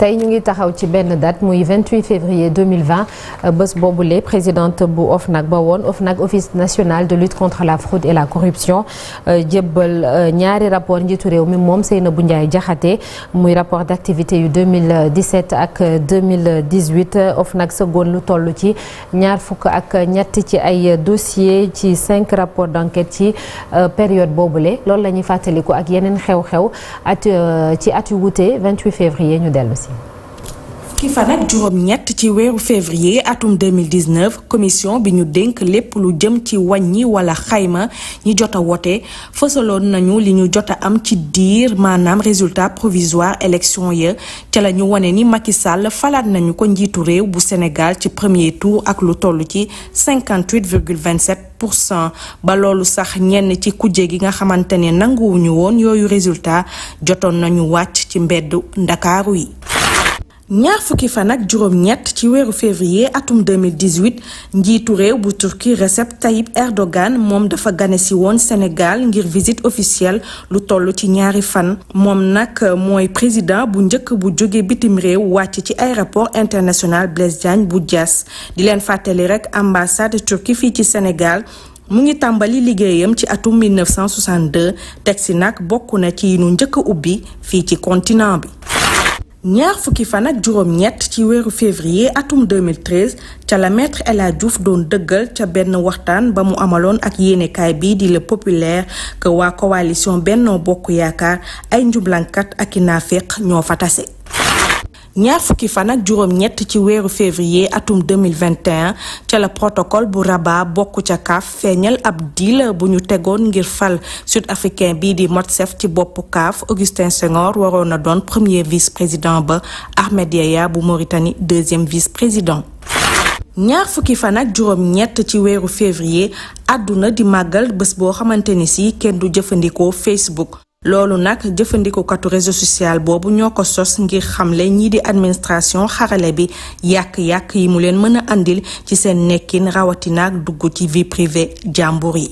tey ñu ngi taxaw ci benn date muy 28 février 2020 euh, bés boobule présidente bu nag ba woon nag office national de lutte contre la fraude et la corruption euh, jébbal euh, ñaari rapport njiitu réew mi moom bu Ndiaye Diakhaté muy rapport d' activité yu 2017 ak 2018 OFNAC sëggoon lu toll ci ñaar fukk ak ñett ci ay dossier ci cinq rapports d' ci période boobule loolu la ñuy fàttaliku ak yeneen xew-xew at ci at yu wuute 28 février ñu dellu si fukki fan ak juróom-ñett ci weeru février atum 2019 commission bi ñu dénk lépp lu jëm ci wàññi wala xayma ñi jot a wote fësaloon nañu li ñu jot a am ci diir maanaam résultat provisoire élection ya ca la ñu wane ni Macky Sall falaat nañu ko njiitu réew bu Sénégal ci premier tour ak lu toll ci 58 virgule 27 pour cent ba loolu sax ñenn ci kuje gi nga xamante ne nanguwuñu woon yooyu résultat jotoon nañu wàcc ci mbedd ndakaaru yi ñaar fukki fan ak juróom-ñett ci weeru février atum 2018 njiitu réew bu turki Recep Tayyip Erdogan moom dafa gane si woon Sénégal ngir visite officielle lu toll ci ñaari fan moom nag mooy président bu njëkk bu jóge bitim réew wàcc ci aéroport international Blaise Diagne bu jaas di leen fàttali rek ambassade turki fii ci Sénégal mu ngi tàmbali liggéeyam ci atum 1962 teg si nag bokk na ci nu njëkk ubbi fii ci continent bi. ñaar fukki fan ak juróom-ñett ci weeru février atum 2013 ca la maître El Diouf doon dëggal ca benn waxtaan ba mu amaloon ak yéenekaay bii di la Populaire que waa coalition Benno Bokk Yaakaar ay njublankat ak i naaféq ñoo fa tase. ñaar fukki fan ak juróom-ñett ci weeru février atum 2021 ca la protocole bu Rabat bokk ca CAF feeñal ab deal bu ñu tegoon ngir fal sud africain bii di Motsef ci boppu CAF Augustin Senghor waroon na doon premier vice président ba Ahmed Yahya bu Mauritanie deuxième vice président. ñaar fukki fan juróom ñett ci weeru février àdduna di màggal bés boo xamante ni si kenn du jëfandikoo Facebook. loolu nag jëfandikukatu réseau social boobu ñoo ko sos ngir xamle ñii di administration xarale bi yàq-yàq yi mu leen mën a andil ci seen nekkin rawatina dugg ci vie privée jàmbur yi.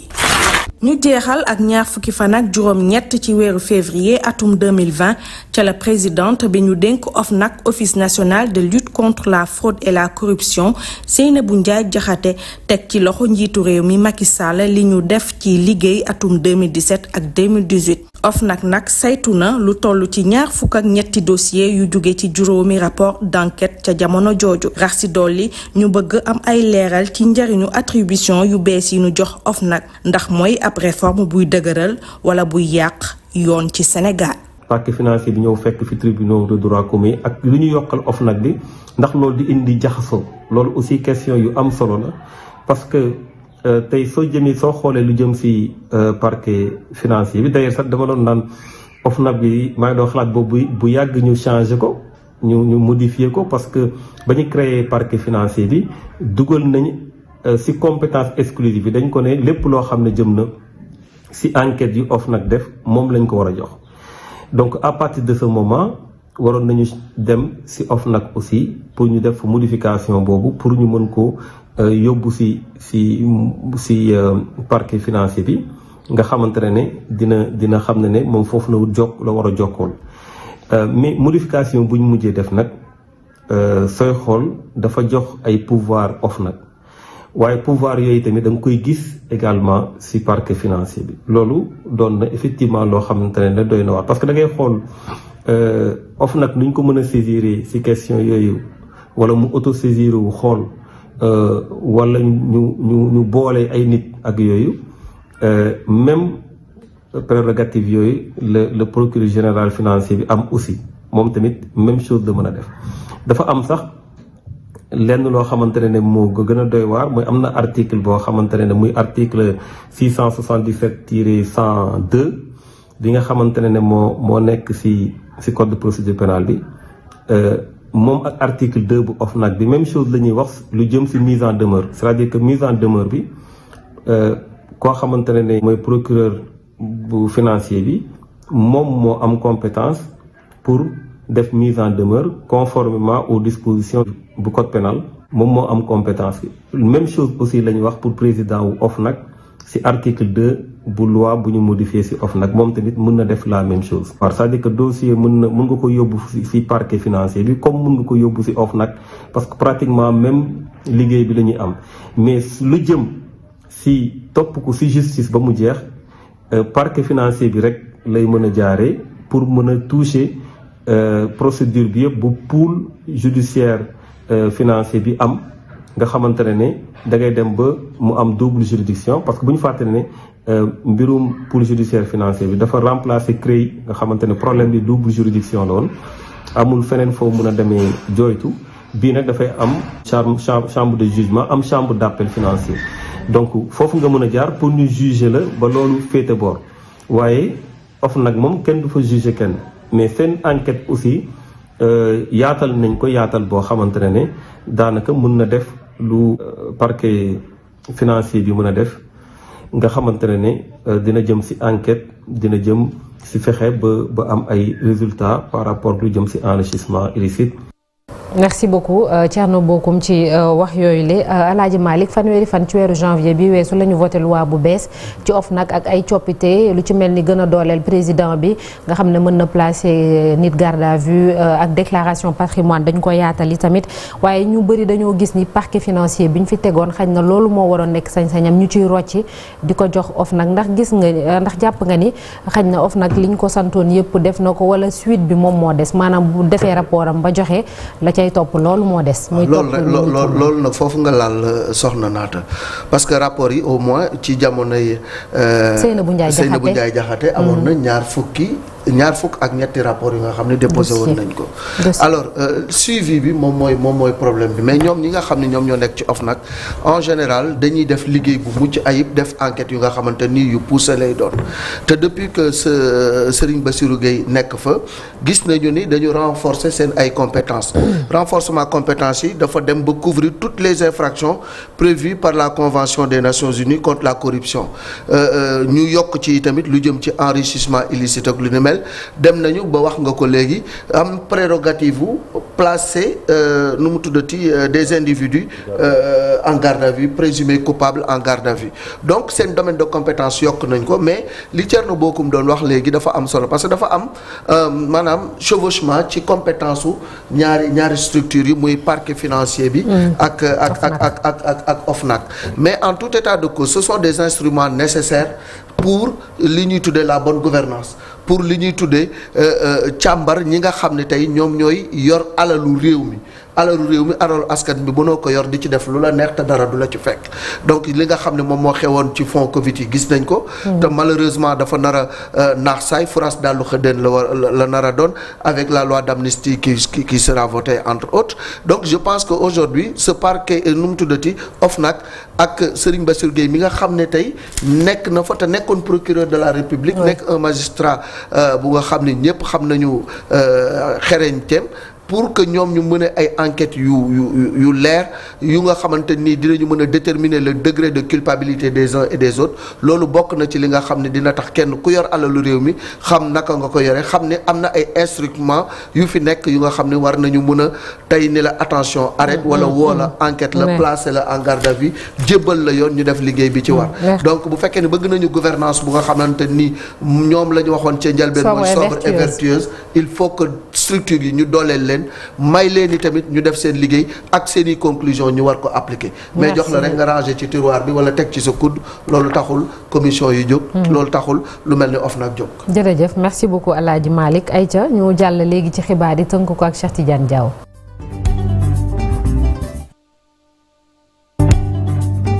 ñu jeexal ak ñaar fukki fan ak juróom ñett ci weeru février atum 2020 ca la présidente bi ñu dénk OFNAC office national de lutte contre la fraude et la corruption bu Ndiaye Diakhaté teg ci loxo njiitu réew mi Macky Sall li ñu def ci liggéey atum 2017 ak 2018. OFNAC nag saytu na lu toll ci ñaar fukk ak ñetti dossier yu jóge ci juróomi rapport d'enquête ca jamono jooju rax ci dolli ñu bëgg am ay leeral ci njariñu attribution yu bees yi nu jox OFNAC ndax mooy ab réforme buy dëgëral wala buy yàq yoon ci Sénégal. parquet financier bi ñëw fekk fi tribunaux de droit commun ak lu ñu yokkal OFNAC bi ndax loolu di indi jaxasoo loolu aussi question yu am solo la parce Euh, tey soo jëmee soo xoolee lu jëm si euh, parquet financier bi d'ailleurs sax dama doon naan OFNAC bi maa ngi doon xalaat boobu bu yàgg ñu changé ko ñu ñu modifié ko parce que ba ñu créé parquet financier bi dugal nañu euh, si compétence exclusive bi dañ ko ne lépp loo xam ne jëm na si enquête yu OFNAC def moom lañ ko war a jox donc à partir de ce moment waroon nañu dem si OFNAC aussi pour ñu def modification boobu pour ñu mën ko Euh, yóbbu si si si euh, parquet financier bi nga xamante ne ne dina dina xam ne ne moom foofu la jokk la war a jokkool euh, mais modification bu ñu mujjee def nag sooy xool dafa jox ay pouvoir OFNAC nag waaye pouvoir yooyu tamit da nga koy gis également si parquet financier bi loolu doon na effectivement loo xamante ne ne doy na waar parce que da ngay xool OFNAC nag nu ñu ko mën a saisir si question yooyu wala mu auto saisir wu xool Euh, wala ñu ñu ñu boole ay nit ak yooyu euh, même prérogative yooyu le le procureur général financier bi am aussi moom tamit même chose la mën a def dafa am sax lenn loo xamante ne moo gën a doy waar mooy am na article boo xamante ne muy article 677 cent 102 bi nga xamante ne moo moo nekk ci ci code de procédure pénale bi euh, moom ak article 2 bu nag bi même chose la ñuy wax lu jëm ci mise en demeure c'est-à-dire que mise en demeure bi euh, koo xamante ne ne mooy procureur bu financier bi moom moo am compétence pour def mise en demeure conformement aux dispositions bu code pénal moom moo am compétence bi même chose aussi la ñuy wax pour président wu nag si article 2 bu loi bu ñu modifié si nag moom tamit mën na def la même chose waaw c'est-à-dire que na mën nga ko yóbbu si parquet financier bi comme mun nga ko yóbbu si OFNAC parce que pratiquement même liggéey bi la ñuy am mais lu jëm si topp ko si justice ba mu jeex euh, parquet financier bi rek lay mën a jaaree pour mën a toucher euh, procédure bi yëpp bu pool judiciaire euh, financier bi am nga xamante ne ne dangay dem ba mu am double juridiction parce que bu ñu fàtte ne euh, mbirum pôle judiciaire financier bi dafa remplacer CREI nga xamante ne problème bi double juridiction la woon amul feneen foo mun a demee jooytu bii nag dafay am chambre chambre de jugement am chambre d'appel financier donc foofu nga mën a jaar pour nu juger la ba loolu féete boor waaye of nag moom kenn du fa juger kenn mais seen enquête aussi euh, yaatal nañ ko yaatal boo xamante ne ne daanaka mën na def lu euh, parquet financier bi mën a def nga xamante ne ne euh, dina jëm ci enquête dina jëm ci fexe ba ba am ay résultats par rapport lu jëm ci enrichissement illicite merci beaucoup euh, Thierno Bocoum ci euh, wax yooyu le euh, Alaaji Malick fanweeri fan ci weeru janvier bi weesu la ñu voté loi bu bees ci OFNAC ak ay coppite lu ci mel ni gën a dooleel président bi nga xam ne mën na placer nit garde à vue ak déclaration patrimoine dañ ko yaatal yi tamit waaye ñu bëri dañoo gis ni parquet financier bi ñu fi tegoon xañ na loolu moo waroon nekk sañ-sañam ñu ciy rocci di ko jox nag ndax gis nga ndax jàpp nga ni xañ na OFNAC liñ ko santoon yëpp def na ko wala suite bi moom moo des maanaam bu defee rapport am ba joxe cay topp loolu moo des. muy topp loolu nag foofu nga laal euh, soxna naata parce que rapport yi au moins ci jamonoy. Euh, Seynabou Ndiaye Diakhaté Seynabou Ndiaye Diakhaté amoon na mm-hmm. ñaar fukki. ñaar fukk ak ñetti rapport yi nga xam ne déposé woon nañ ko alors euh, suivi bi moom mooy moom mooy problème bi mais ñoom ñi nga xam ne ñoom ñoo nekk ci OFNAC en général dañuy def liggéey bu mucc ayib def enquête yu nga xamante ni yu poussé lay doon te depuis que euh, Serigne Bassirou Gueye nekk fa gis nañu ni dañu renforcer seen ay compétence mm. renforcement compétences yi dafa dem ba couvrir toutes les infractions prévues par la convention des Nations Unies contre la corruption euh, ñu yokk ci tamit lu jëm ci enrichissement dem nañu ba wax nga ko léegi am prérogative bu placer euh, nu mu tuddati euh, des individus euh, en garde à vue présumés coupables en garde à vue donc seen domaine de compétence yokk nañ ko mais li Thierno Bocoum doon wax léegi dafa am solo parce que dafa am euh, maanaam chevauchement ci compétence su ñaari ñaari structures yi muy parquet financier bi. Mm. ak ak ak ak ak ak mais en tout état de cause ce sont des instruments nécessaires. pour li ñuy tuddee la bonne gouvernance pour li ñuy tuddee euh, euh, càmbar ñi nga xam ne tey ñoom ñooy yor alalu réew mi alalu réew mi alalu askan bi mënoo ko yor di ci def lu la neex te dara du la ci fekk donc li nga xam ne moom moo xewoon ci fond Covid yi gis nañ ko. Hmm. te malheureusement dafa nara a euh, naax saay France daal lu xëddeen la nara la nar a doon avec la loi d'amnistie qui qui qui sera votée entre autres donc je pense que aujourd'hui ce parquet nu mu tuddati nag ak Serigne ba Gueye mi nga xam ne tey nekk na fa te nekkoon procureur de la République. nekk un magistrat euh, bu nga xam ne ñëpp xam nañu euh, xereñteem pour que ñoom ñu mën a ay enquêtes yu yu yu leer yu nga xamante nii dinañu mën a déterminer la degré de culpabilité des uns et des autres loolu bokk na ci li nga xam ne dina tax kenn ku yor alalu réew mi xam naka nga ko yore xam ne am na ay instruments yu fi nekk yu nga xam ne war nañu mën a tey ni la attention arrête wala mm-hmm. woo la enquête la placé la en garde à vue jébbal la yoon ñu def liggéey bi ci war mm-hmm. donc bu fekkee ne bëgg nañu gouvernance bu la ñu waxoon ci leen may leen i tamit ñu def seen liggéey ak seen i conclusion ñu war ko appliquer mais jox la rek nga ci tiroir bi wala teg ci sa coude loolu taxul commission yu jóg hmm. loolu taxul lu mel ni OFNAC jóg jërëjëf merci beaucoup Alaaji Malick Aïcha ñu jàll léegi ci xibaar yi tënk ko ak Cheikh Tidiane Diaw